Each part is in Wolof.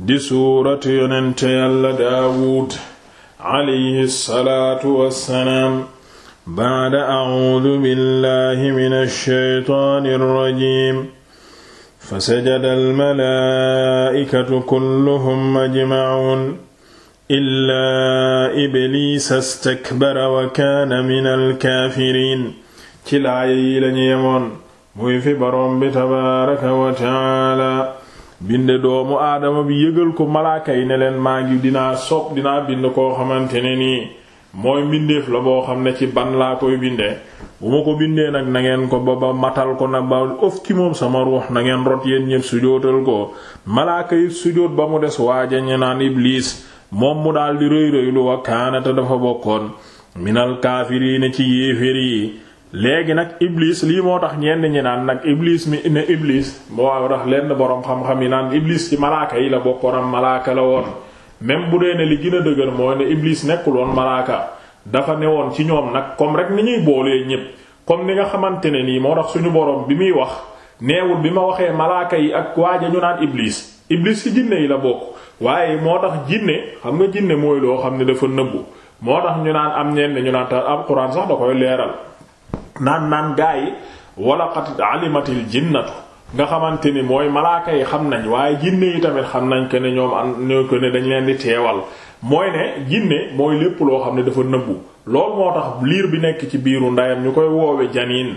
di suuratu yonente yàlla daawuud alayhi salaatu wassalaam baada acuudu billahi min alsheytaani alrajim fasajada almalaa'ikatu kulluhum ajmacuun illaa ibliisa stakbara wa kaana min alkaafiriin ci laaya yi lañu yemoon muy fi boroom bi tabaaraka wa tacaala binde doomu aadama bi yëgal ko malaaka yi ne leen maa ngi dinaa sob dinaa bind koo xamante ne nii mooy mbindeef la boo xam ne ci ban laa koy binde bu ma ko bindee nag na ngeen ko ba ba matal ko nag ba ëf ci moom sama ruux na ngeen rot yéen ñépp sujootal ko malaaka yi sujoot ba mu des waajañe naan ibliis moom mu daldi rëy rëylu wa kaanata dafa bokkoon minal kaafiriina ci yéeféer yi léegi nag iblis lii moo tax ñenn ñi naan nag iblis mi ne iblis moo tax lenn boroom xam-xam yi naan iblis ci malaaka yi la bokkoonam malaaka la woon même bu dee ne li gën a dëgër mooy ne iblis nekkul malaaka dafa newoon ci ñoom nag comme rek ni ñuy boolee ñépp comme ni nga xamante ne nii moo tax suñu boroom bi muy wax neewul bi ma waxee malaaka yi ak waaja ñu naan iblis iblis ci jinne yi la bokk waaye moo tax jinne xam nga jinne mooy loo xam ne dafa nëbbu moo tax ñu naan am ñenn ñu naan ta alxuraan sax da koy naan naan gaa yi wala qad alimatil jinnatu nga xamante ni mooy malaaka yi xam nañ waaye jinne yi tamit xam nañ ko ne ñoom am dañ leen di teewal mooy ne jinne mooy lépp loo xam ne dafa nëbbu loolu moo tax liir bi nekk ci biiru ndeyam ñu koy woowe janiin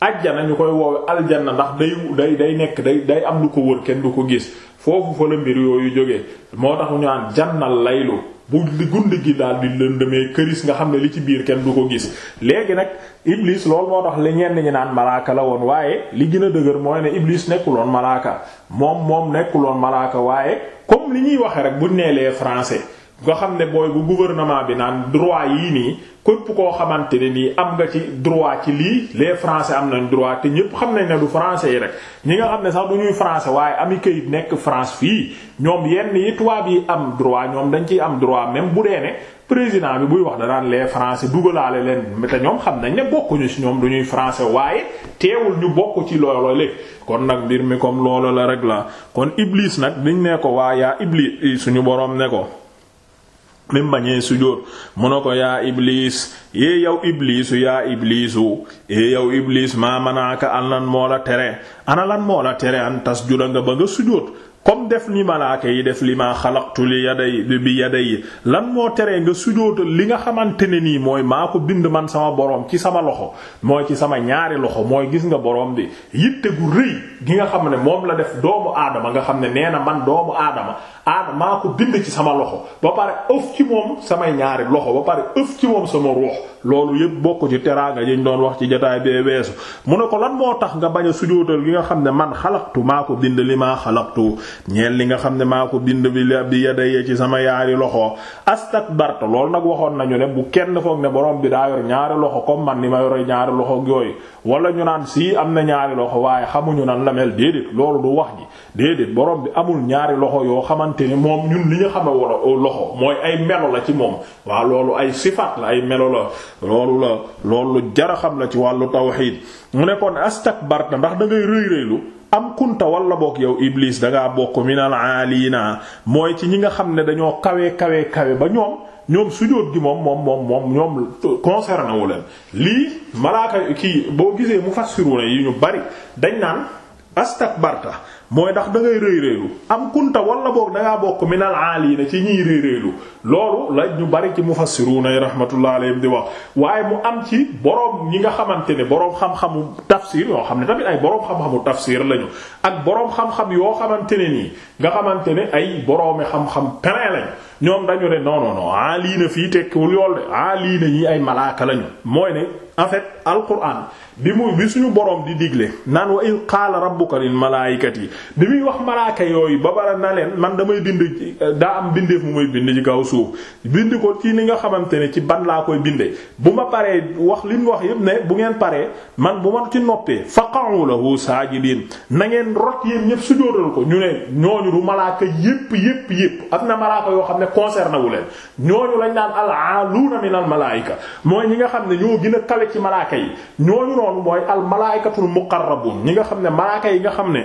ajjana ñu koy woowe aljanna ndax day day day nekk day day am lu ko wër kenn du ko gis foofu fa la mbir yooyu jóge moo tax ñu naan jannal laylu bu gundi gi daal di lëndëmee këris nga xam ne li ci biir kenn du ko gis léegi nag iblis loolu moo tax li ñenn ñi naan malaaka la woon waaye li gën a dëgër mooy ne iblis nekkuloon malaaka moom moom nekkuloon malaaka waaye comme li ñuy waxe rek bu neelee les nga xam ne mooy bu gouvernement bi naan droit yii nii képp koo xamante ne nii am nga ci droit ci lii les français am nañ droit te ñépp xam nañ ne du français yi rek ñi nga xam ne sax du ñuy français waaye ami kayit nekk France fii ñoom yenn yi yi am droit ñoom dañ ciy am droit même bu dee ne président bi buy wax danaan lee français dugalaale leen te ñoom xam nañ ne bokkuñu ci ñoom du ñuy français waaye teewul ñu bokk ci looloo léeg kon nag mbir mi comme looloo la rek la kon Iblis nag dañ ne ko waaye yaa suñu borom ne ko. mi bañee sujjóot mu ko yaa iblis yee yow iblisu yaa iblisu yee yow iblis maa manaaka an lan moo la tere ana lan moo la tere an tasjuda nga ba nga sujjóot moom def ni malaaka yi def li maa xalaqtu li yaday bi yaday lan moo teree nga sujootal li nga xamante ne nii mooy maa ko bind man sama boroom ci sama loxo mooy ci sama ñaari loxo mooy gis nga boroom bi yitte gu rëy gi nga xam ne moom la def doomu aadama nga xam ne nee na man doomu aadama maa ko bind ci sama loxo ba pare ëf ci moom samay ñaari loxo ba pare ëf ci moom sama ruux loolu yëpp bokk ci teraanga yiñ doon wax ci jotaay bee weesu mu ne ko lan moo tax nga bañ a sujootal gi nga xam ne man xalaqtu maa ko bind li maa xalaqtu ñeel li nga xam ne maa ko bind bi la bi yadayee ci sama yaari loxo astakbarta loolu nag waxoon nañu ne bu kenn foog ne borom bi daa yor ñaari loxo comme man ni ma yore ñaari loxo yooyu wala ñu naan sii am na ñaari loxo waaye xamuñu nan la mel déedéet loolu du wax ji déedéet boroom bi amul ñaari loxo yoo xamante ni moom ñun li ñu xame wala oh, loxo mooy ay melo la ci moom waa loolu ay sifaat la ay melo la loolu la loolu jara xam la ci wàllu tawxiid ndax am kunta wala boog yow iblis dangaa bokk minal naa mooy ci ñi nga xam ne dañoo kawe kawe kawe ba ñoom ñoom sujóot gi moom moom moom moom ñoom wu leen lii malaaka kii boo gisee mu mufassiruna yi ñu bari dañ naan astakbarta mooy ndax da ngay rëy rëylu am kunta wala boog da ngaa bokk minal aaliina ci ñiy rëy rëylu loolu la ñu bari ci mufassiruuna yi rahmatullah alayhim di wax waaye mu am ci boroom ñi nga xamante ne boroom xam-xamu tafsir yoo xam ne tamit ay boroom xam-xamu tafsir ak boroom xam yoo xamante ne nii nga xamante ne ay boroomi xam-xam terrain lañu ñoom dañu ne non non non aliina ah, fii tekkiwul yool de aliina ah, yi ay malaaka lañu mooy ne en fait alquran bi mu bi suñu boroom di digle naan wa iz qaala rabbuka lil yi bi muy wax malaaka yooyu ba bara na leen man damay bind daa am bindeef mu may bind ci kaw suuf bind ko ci li nga xamante ne ci ban laa koy bindee bu ma paree wax li mu wax yépp ne bu ngeen paree man bu ma ci noppee faqa'u lahu saajidiin na ngeen rot yéen ñépp sujjóotal ko ñu ne ñooñu du malaaka yépp yépp yépp am na malaaka yoo xam ne concerné wu leen ñooñu lañ naan al-aaluuna min al-malaa'ika mooy ñi nga xam ne ñoo gën a kawe ci malaaka yi ñooñu noonu mooy al-malaa'ikatul muqarrabuun ñi nga xam ne malaaka yi nga xam ne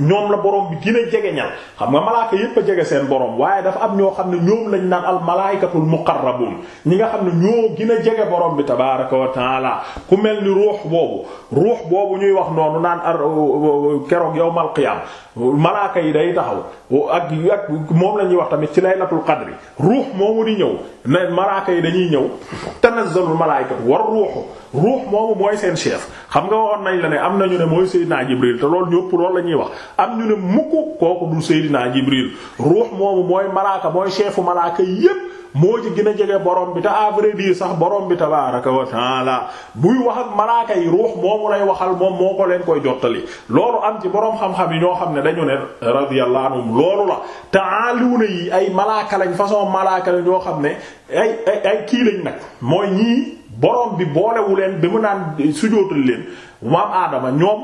ñoom la borom bi gën a jege ñal xam nga malaaka yépp a jege seen borom waaye dafa am ñoo xam ne ñoom lañ naan al malaikatul muqarrabun ñi nga xam ne ñoo gën a jege borom bi tabaraka wa taala ku mel ni ruux boobu ruux boobu ñuy wax noonu naan ar euh, euh, keroog yawmal qiyam malaaka yi day taxaw ak moom la ñuy wax tamit ci laylatul qadri ruux moomu di ñëw ne malaaka yi dañuy ñëw tanazzalul malaikatu war ruuxu ruux moomu mooy seen chef xam nga waxoon nañ la ne am nañu ne mooy sayyidina Jibril te loolu ñëpp loolu la ñuy wax am ñu ne mukk kooku du Seydina Jibril ruux moomu mooy malaaka mooy chefu malaaka yépp moo ci gën a jege borom bi te à vrai dire sax borom bi tabaaraka wa taala buy wax ak malaaka yi ruux moomu lay waxal moom moo ko leen koy jottali loolu am ci boroom xam-xam yi ñoo xam ne dañu ne radiyallahu anhum loolu la taaluuna yi ay malaaka lañ façon malaaka lañ ñoo xam ne ay ay kii lañ nag mooy ñii borom bi boolewu leen ba mu naan sujootal leen maam aadama ñoom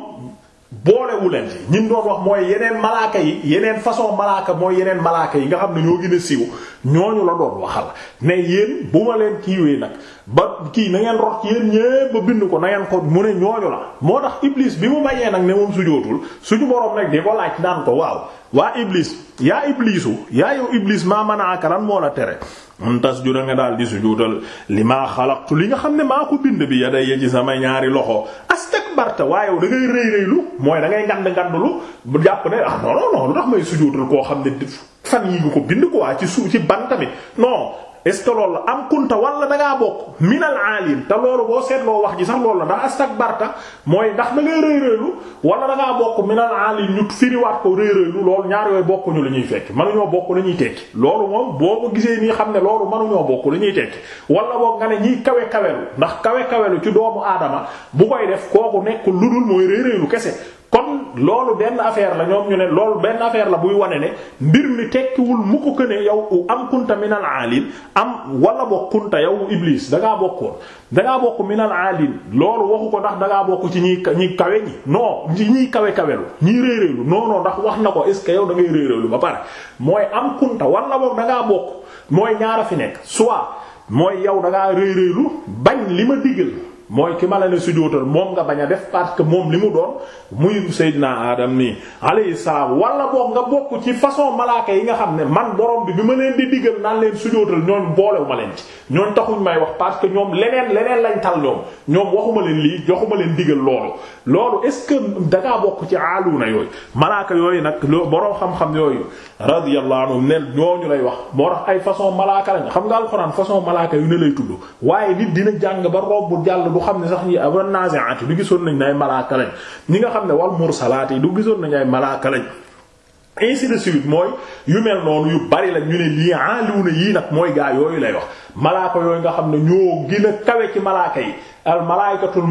boolewu leen ci ñim doon wax mooy yeneen malaaka yi yeneen façon malaaka mooy yeneen malaaka yi nga xam ne ñoo gën a ñooñu la doon waxal ne yéen bu ma leen kiiwee nag ba kii na ngeen rox yéen ñépp bind ko na ngeen ko mu ne ñooñu la moo tax Iblis bi mu bañee nag ne moom sujootul suñu borom nag di ko laaj daan ko waaw waa Iblis yaa Iblisu yaa yow Iblis maa mën a akaran moo la tere. mun tas ju da nga daal di sujuutal li maa xalaqtu li nga xam ne maa ko bind bi ya yadayya ci sama ñaari loxo astakbarta waaye da ngay rëy rëylu mooy da ngay ngand ngandlu bu jàpp n ah non non koo xam ne. fan yi nga ko bind ko waa ci suuf ci ban tamit non est ce la am kunta wala da ngaa bokk minal aalim te loolu boo seetloo wax ji sax loolu la ndax astakbarta mooy ndax da ngay rëy-rëylu wala da ngaa bokk minal aalim ñu firiwaat ko rëy-rëylu loolu ñaar yooyu bokkuñu la ñuy fekk mënuñoo bokk la ñuy tekki loolu moom boo ko gisee nii xam ne loolu mënuñoo bokk la ñuy tekki wala boog nga ne ñiy kawe kawelu ndax kawe kawelu ci doomu aadama bu koy def kooku nekk lu dul kese loolu benn affaire la ñoom ñu ne loolu benn affaire la buy wane ne mbir mi tekkiwul mu ko que ne yow am kunta minal aalin am wala bokk kunta yow Iblis da ngaa bokkoon da ngaa bokk minal aalin loolu waxu ko ndax dangaa bokk ci ñi ñi kawe ñi non ñi kawe kawelu ñi réeréelu non ndax wax na ko est ce que yow da ngay réeréelu ba pare mooy am kunta wala bokk da ngaa bokk mooy ñaara fi nekk soit mooy yow da ngaa réeréelu bañ li ma digal. mooy ki ma la ne sujjóotal moom nga bañ a def parce que moom li mu doon muy Seydina Adam nii alayhi salaam wala boog nga bokk ci façon malaaka yi nga xam ne man borom bi bi ma leen di diggal naan leen sujjóotal ñoom boolewu leen ci ñoom taxuñ may wax parce que ñoom leneen leneen lañ tal ñoom ñoom waxuma leen lii joxuma leen diggal loolu loolu est-ce que dangaa bokk ci aaluuna yooyu malaaka yooyu nag boroom xam-xam yooyu radiyallahu anhum ne ñooñu lay wax moo tax ay façon malaaka lañ xam nga alxuraan façon malaaka yu ne lay xam ne sax ñi awa nazi'ati du gisoon nañ nay malaaka lañ ñi nga xam ne wal mursalaati du gisoon nañu ay malaaka lañ ainsi de suite mooy yu mel noonu yu bari la ne lii aaliwu na yii nag mooy gaa yooyu lay wax malaaka yooyu nga xam ne ñoo gën a kawe ci malaaka yi al malaaykatul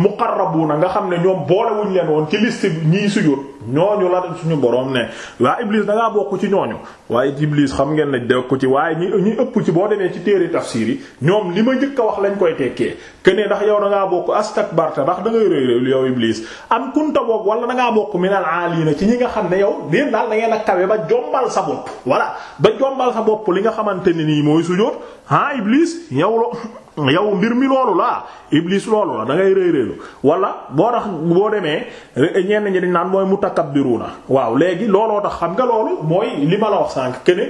na nga xam ne ñoom boolewuñ leen woon ci liste bi ñii sujjóot ñooñu la suñu borom ne waa Iblis da bokk ci ñooñu waaye Iblis xam ngeen ne dëkk ci waaye ñi ñi ëpp ci boo demee ci téere tafsir yi ñoom li ma njëkk a wax lañ koy tekkee que ne ndax yow da ngaa bokk astakbarta ndax da ngay rëy rëy yow Iblis am kunta bokk wala da ngaa bokk minal na ci ñi nga xam ne yow leen daal da ngeen a kawe ba jombal sa bopp voilà ba jombal sa bopp li nga xamante ne nii mooy sujjóot ah Iblis yow lo yow mbir mi loolu la iblis loolu la da ngay rëy rëylu wala boo tax boo demee ñenn ñi dañ naan mooy mutakabbiruna waaw léegi looloo tax xam nga loolu mooy li ma la wax sànq que ne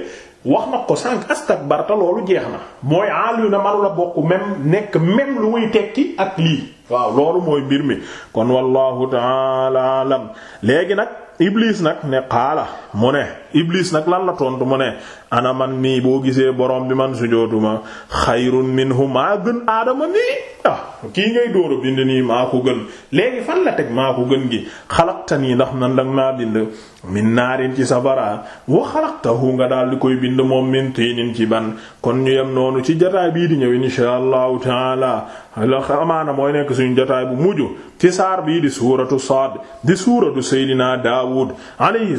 wax na jeex na mooy aaliu na la bokk même nekk même lu muy tekki ak lii waaw loolu mooy mbir mi kon wallahu ta'ala alam léegi nag iblis nag ne xaala mu ne Iblis nag lan la tontu mu ne ana man mii boo gisee boroom bi man sujootuma xayrun minhu maa gën aadama nii ah kii ngay dóora bind nii maa ko gën léegi fan la teg maa ko gën gi xalaqta nii ndax nan dang naa bind min naarin ci safara wa xalaqtahu nga daal di koy bind moom min tiinin ci ban kon ñu yem noonu ci jotaay bii di ñëw insha allahu taala la amaana mooy nekk suñu jotaay bu mujj ci saar bii di suuratu Saad di suuratu Seydina Daawud alayhi